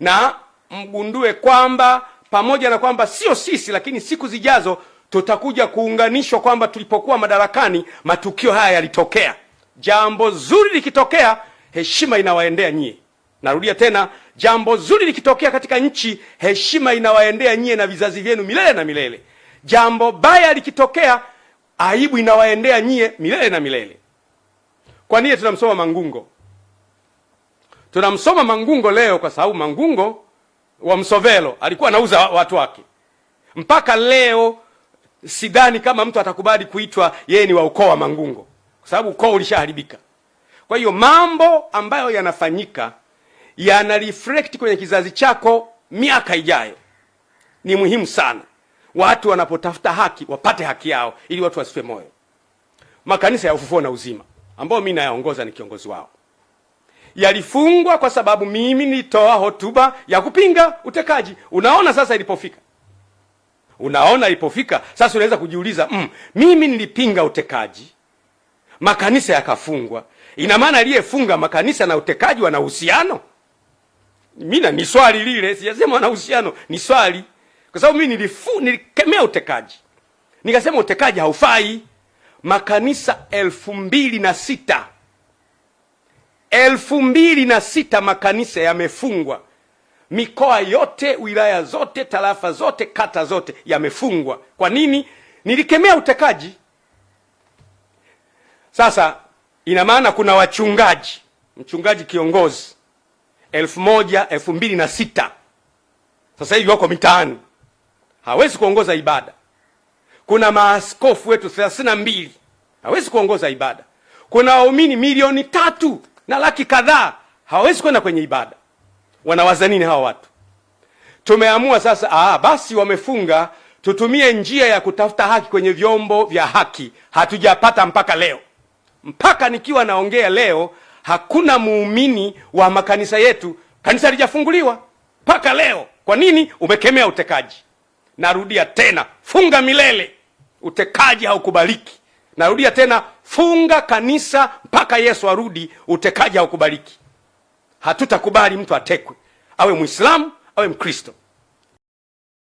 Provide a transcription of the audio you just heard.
na mgundue kwamba pamoja na kwamba sio sisi, lakini siku zijazo tutakuja kuunganishwa kwamba tulipokuwa madarakani matukio haya yalitokea. Jambo zuri likitokea, heshima inawaendea nyie. Narudia tena, jambo zuri likitokea katika nchi, heshima inawaendea nyie na vizazi vyenu milele na milele. Jambo baya likitokea, aibu inawaendea nyie milele na milele. Kwa nini tunamsoma Mangungo? Tunamsoma Mangungo leo kwa sababu Mangungo wa Msovelo alikuwa anauza watu wake. Mpaka leo sidhani kama mtu atakubali kuitwa yeye ni wa ukoo wa Mangungo kwa sababu ukoo ulishaharibika. Kwa hiyo mambo ambayo yanafanyika yana reflect kwenye kizazi chako miaka ijayo. Ni muhimu sana watu wanapotafuta haki wapate haki yao, ili watu wasife moyo. Makanisa ya Ufufuo na Uzima ambayo mimi nayaongoza ni kiongozi wao yalifungwa kwa sababu mimi nitoa hotuba ya kupinga utekaji. Unaona sasa ilipofika, unaona ilipofika sasa. Unaweza kujiuliza mm, mimi nilipinga utekaji, makanisa yakafungwa. Ina maana aliyefunga makanisa na utekaji wana uhusiano? Mina ni swali lile, sijasema wana uhusiano, ni swali, kwa sababu mimi nilifu nilikemea utekaji, nikasema utekaji haufai. Makanisa elfu mbili na sita elfu mbili na sita makanisa yamefungwa mikoa yote, wilaya zote, tarafa zote, kata zote yamefungwa. Kwa nini? Nilikemea utekaji. Sasa ina maana kuna wachungaji, mchungaji kiongozi elfu moja elfu mbili na sita sasa hivi wako mitaani, hawezi kuongoza ibada. Kuna maaskofu wetu thelathini na mbili hawezi kuongoza ibada. Kuna waumini milioni tatu na laki kadhaa hawawezi kwenda kwenye ibada. Wanawaza nini hawa watu? Tumeamua sasa, aa, ah, basi wamefunga, tutumie njia ya kutafuta haki kwenye vyombo vya haki. Hatujapata mpaka leo, mpaka nikiwa naongea leo, hakuna muumini wa makanisa yetu, kanisa halijafunguliwa mpaka leo. Kwa nini? Umekemea utekaji. Narudia tena, funga milele, utekaji haukubaliki. Narudia tena, funga kanisa mpaka Yesu arudi. Utekaji haukubaliki. Hatutakubali mtu atekwe, awe Mwislamu awe Mkristo.